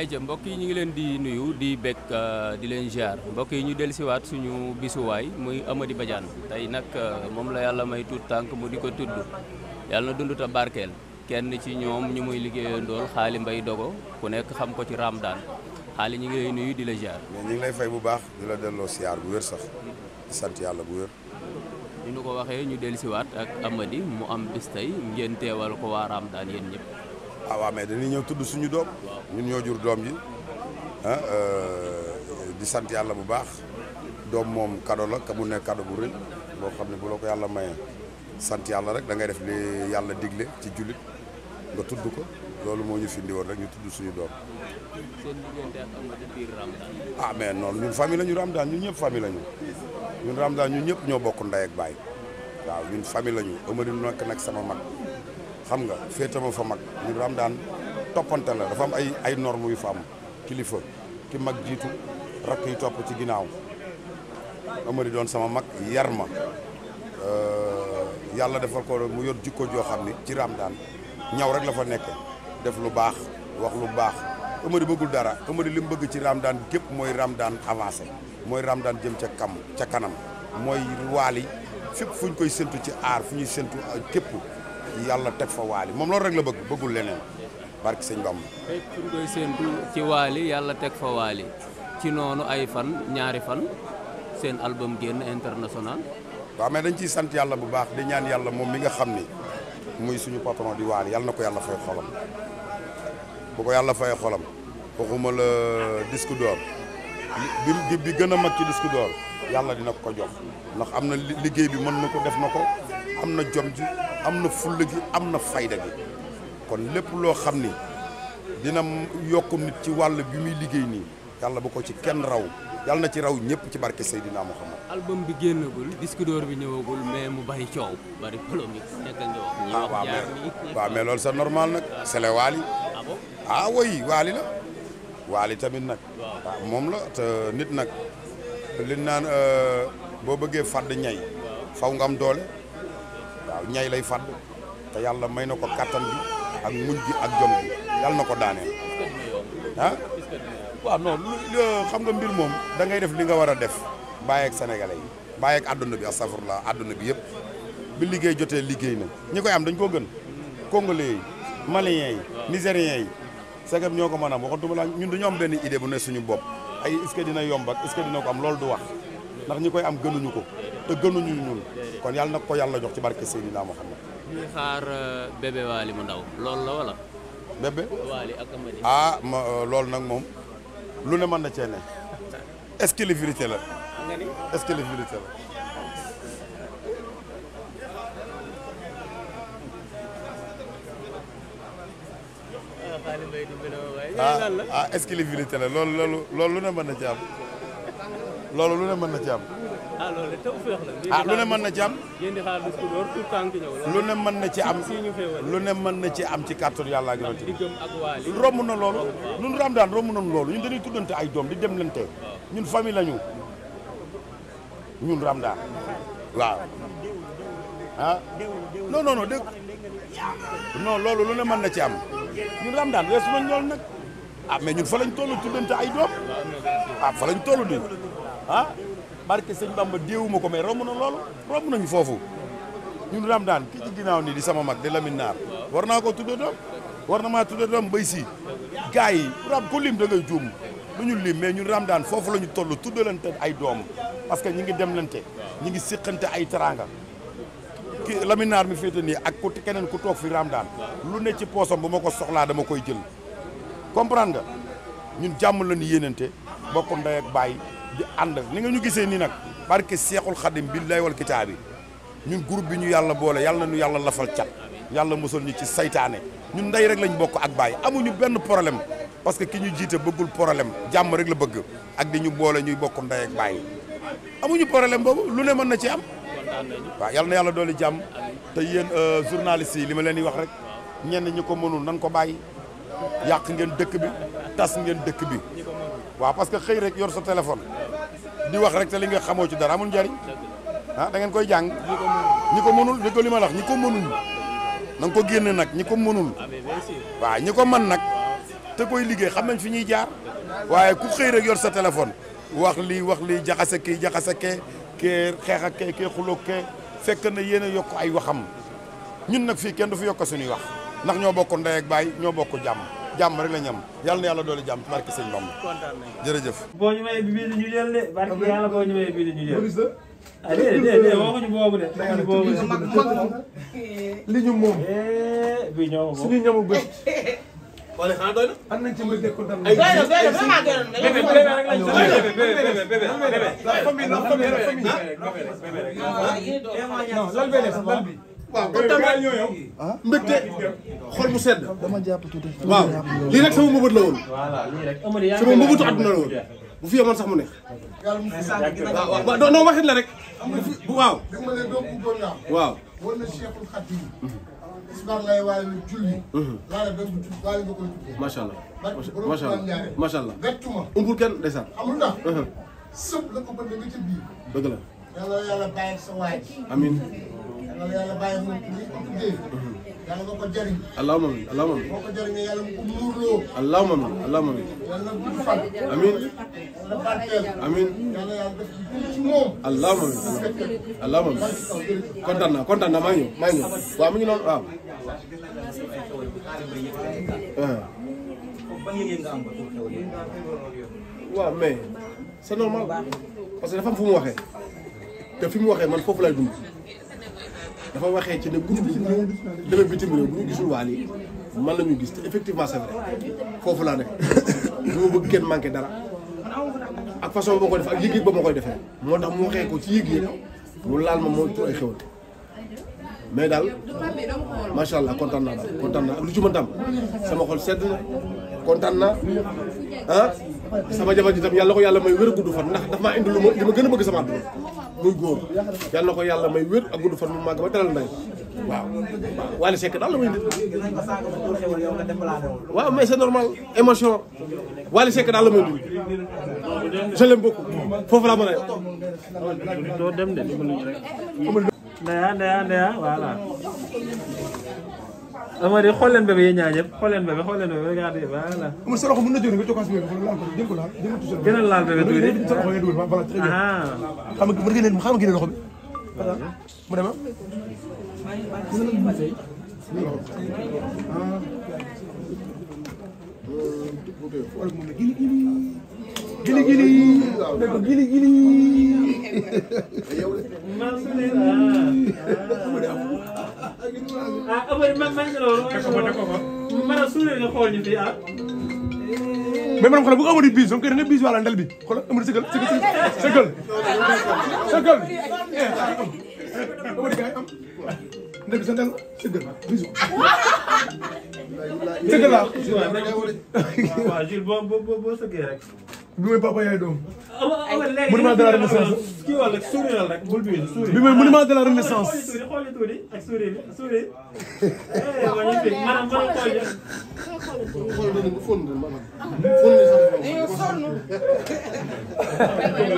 ayca mbokk yi ñu ngi leen di nuyu di bekk euh, di leen ziar mbokk yi ñu dellusiwaat suñu bisuwaay muy Amady Badiane tey nag euh, moom la yàlla may tuut tànk mu di ko tudd yàlla na dund ta barkeel kenn ci ñoom ñu muy liggéeyandool xaali mbay dogo ku nekk xam ko ci Ramadaan xaali ñu ngi lay nuyu di la ziar. mais ñu ngi lay fay bu baax di la delloo ziar bu wér sax di sant yàlla bu wér. ni ñu ko waxee ñu dellusiwaat ak Amady mu am bis ngeen teewal ko waa Ramadaan ñëpp. ah waaw mais dañuy ñëw tudd suñu doom ñun ñoo jur doom ji ah euh, di sant yàlla bu baax doom moom kado la ka mu nekk kado bu rëy boo xam ne bu ko yàlla mayee sant yàlla rek da ngay def li yàlla digle ci julit nga tudd ko loolu moo ñu fi indi rek ñu tudd suñu doom. ah mais noonu ñun famille la ñu Ramadaan ñun ñëpp famille la ñu ñëpp ñoo bokk ndey ak baay waaw ñun famille la ñu Amady nekk nag sama mag. xam nga féete ma fa mag ñu daam daan toppante la dafa am ay ay normes yu fa am kilifa ki mag jiitu rakk yi topp ci ginnaaw Amari doon sama mag yar ma yàlla defal ko mu yor jikko joo xam ni ci raam daan ñaw rek la fa nekk def lu baax wax lu baax Amari bëggul dara Amari li mu bëgg ci raam daan gépp mooy raam daan avancé mooy raam daan jëm ca kam ca kanam mooy waali fépp fu ñu koy séntu ci aar fu ñuy séntu képp yàlla teg fa waali moom loolu rek la bëgg bëggul leneen barki sëñ Bamba. lépp lu koy séentu ci waali yàlla teg fa waali ci noonu ay fan ñaari fan seen album génn international. waa mais dañ ciy sant yàlla bu baax di ñaan yàlla moom mi nga xam ni muy suñu patron di waali yàlla na ko yàlla fay xolam bu ko yàlla fay xolam waxuma la disque d'or bi bi gën a mag ci disque d'or yàlla dina ko ko jox ndax am na liggéey bi mën na ko def na ko am na jom j am na fulla am na fayda kon lépp loo xam ni dina yokk nit ci wàll bi muy liggéey nii yàlla bu ko ci kenn raw yàlla na ci raw ñëpp ci barke Seydina Muhammad album bi génnagul disque d'or bi ñëwagul mais mu bari coow bari polémique nekk nga wax ñi wax jaar nii waaw mais loolu c'est normal nag c'est le Wally ah bon ah oui Wally la Wally tamit nag ah, moom la te nit nag li naan euh, boo bëggee fàdd ñay faw nga am doole waaw ñay lay fàdd te yàlla may na ko kattan bi ak muñ bi ak jom bi yàlla na ko daaneel ah waaw non xam nga mbir moom da ngay def li nga war a def bàyyeeg sénégalais yi bàyyeeg àdduna bi astafurlah àdduna bi yëpp bi liggéey jotee liggéey na ñu koy am dañ ko gën congolais yi maliens yi nigériens ñoo ko mën a am waxatuma ñun dañoo am benn idée bu ne suñu bopp ay est-ce que dina yomb ak dina ko am loolu du wax ndax ñu koy am gënuñu ko te gënuñu ñuul kon yàlla na ko yàlla jox ci barke Seydina Muhammad ñuy xaar euh, bébé Waly mu ndaw loolu la ah, euh, loolu nag moom lu ne mën cee ne exclusivité la la. ah ah exclusivité loolu lu ne mën na ci lu ne mën na ci am. ah loolu tawfeex la. ah lu ne mën na ci am. yéen di xaar ku door mën na ci am lu ne mën na ci am ci kàttanu yàlla ak yonent bi. romb na loolu. ñun Ramadan romb nañu loolu ñun dañuy tuddante ay doom di dem lante ñun famille lañu ñun Ramadan waaw. ah non non non dégg loolu lu ne mën na ci am ñun Ramadan weesu nañ loolu nag ah mais ñun fa lañ toll tuddante ay doom ah fa lañ toll barke sëñ Bamba déewuma ko mais romb na loolu romb nañu foofu ñun Ramadaan ki ci ginnaaw nii di sama mag di Lamine Naar war naa ko tudda doom war na maa tudda doom bay si gars yi ram ko lim da ngay juum lu ñu lim mais ñun Ramadaan foofu la ñu toll tuddalante ay doom parce que ñi ngi demlante ñi ngi siqante ay teraanga ki Lamine Naar mi féete nii ak ku keneen ku toog fi daan lu ne ci poosam bu ma ko soxlaa dama koy jël comprendre ñun jàmm la ñu yéenante bokk ndey ak baay di ànd ni nga ñu gisee nii nag barke seexul xadim billaay wal kitaabi ñun groupe bi ñu yàlla boole yàlla na nu yàlla lafal cat yàlla mosal ñu ci seytaane ñu ndey rek lañ bokk ak bàyyi amuñu benn problème parce que ki ñu jiite bëggul problème jàmm rek la bëgg ak di ñu boole ñuy bokk ndey ak bàyyi amuñu problème boobu lu ne mën na ci am waaw yal na yàlla doole jàmm te yéen euh, journalistes yi li ma leen di wax rek ñenn ñu ko mënul nan ko bàyyi yàq ngeen dëkk bi tas ngeen dëkk bi waaw parce que xëy rek yor sa téléphone di wax rek te li nga xamoo ci dara mun jari ah da ngeen koy jàng ñi ko mënul di li ma wax ñi ko mënul na nga ko génne nag ñi ko mënul ah, waaw ñi ko man nag te koy liggéey xam nañ fi ñuy jaar waaye ku xëy rek yor sa téléphone wax lii wax lii jaxase kii jaxase kee kee xeex ak kee kee xuloo kee na yéen a yokk ay waxam ñun nag fii kenn du fi yokk suñuy wax ndax ñoo bokk ndey ak baay ñoo bokk jàmm jàmm rek la ñu am yàlla na yàlla doole jàmm ci barke sëñ Bamba. kontaan nañu jërëjëf. boo ñu mayee bii ñu jël de barke yàlla boo ñu mayee bii ñu jël. ah déedéet déedéet waxuñu boobu de. waxuñu boobu de li ñu moom. Eh, bii ñoo ko moom suñu ñamu bët. wala xanaa doy na. am nañ ci mbir de kontaan nañu. doy na doy na vraiment doy na. bébé bébé rek lañ doy na bébé bébé bébé. famille la famille la famille. waaw ah, yéen doon lal bee def lal bi. waaw kon tamit ah, ah, mbégte xol mu sedd. waaw lii rek sama mbëbët la woon. sama mbëbëtu àdduna la woon bu fi yemoon sax mu nekk. waaw waaw non non waxit la rek. waaw. waaw. isbar lay waaye julli. laale mhm. ba bu laale ba koy tuddee. macha allah macha allah macha umbul kenn desaan. amul ndax. Mhm. sëb yàlla na yàlla bàyyi mu liggéey. yàlla nga ko jëriñ. allahumma amiin allahumma amiin. boo ko jëriñee yàlla mu ko muurloo. mi ngi noonu waaw. Ah. waaw mais c'est normal parce que dafa am fu mu waxee te fi mu waxee man foofu lay dund. dafa waxee ci ne groupe yi ñu demee bitim réew bu ñu gisul waal yi man la ñu gis te effectivement sa vrai foofu laa ne duma bëgg kenn manqué dara ak façon ba koy def ak yëg-yëg ba ma koy defee moo tax mu waxee ko ci yëg-yëg mu laal ma moo tur ay xewal mais daal macha allah kontaan naa daal kontaan naa ak lu ci mën tam sama xol sedd na kontaan naa ah sama jabar ji tam yàlla ko yàlla may wér a gudd fan ndax daf maa indi lu ma gën a bëgg sama àdduna muy góor yàlla ko yàlla may wér ak gudd fan mu màgg ba teral ndey waaw Wally Seck daal la muy nit waaw mais c'est normal émotion Wally Seck daal la muy nit je l'aime beaucoup foofu laa mën a yow Amady xool leen bébé yéen ñaar ñëpp xool leen bébé xool leen bébé regardez voilà. ma sa loxo mën na jóg nga jokkoo si bébé xool laal ko laal jël ko tuuti. a laal bébé tuuti gën a laal bébé tuuti voilà très bien. Ah. xam nga mën nga mu dem ah. ah. gili gili ne ko gili gili ah Amady man man nga lool. teg ko fa teg ko fa. maanaam suulee nga xool ñu fii ah. mais maanaam xoolal bu ko Amady bis moom kay da nga bis wala ndel bi xoolal Amady sëgal sëgal sëgal sëgal. Amady gars yi am ndel bi sa ndel sëgal bis. sëgal laa. waaw Jules boo boo boo sëgee rek. bi mooy papa yaay doom. monument de la renaissance kii wala sourire rek bul bi sourire. bi mooy monument de la renaissance. xooli tuuti ak sourire bi sourire. Eh, maanaam maanaam xooli. xool na nga fóon na maanaam. fóon na sax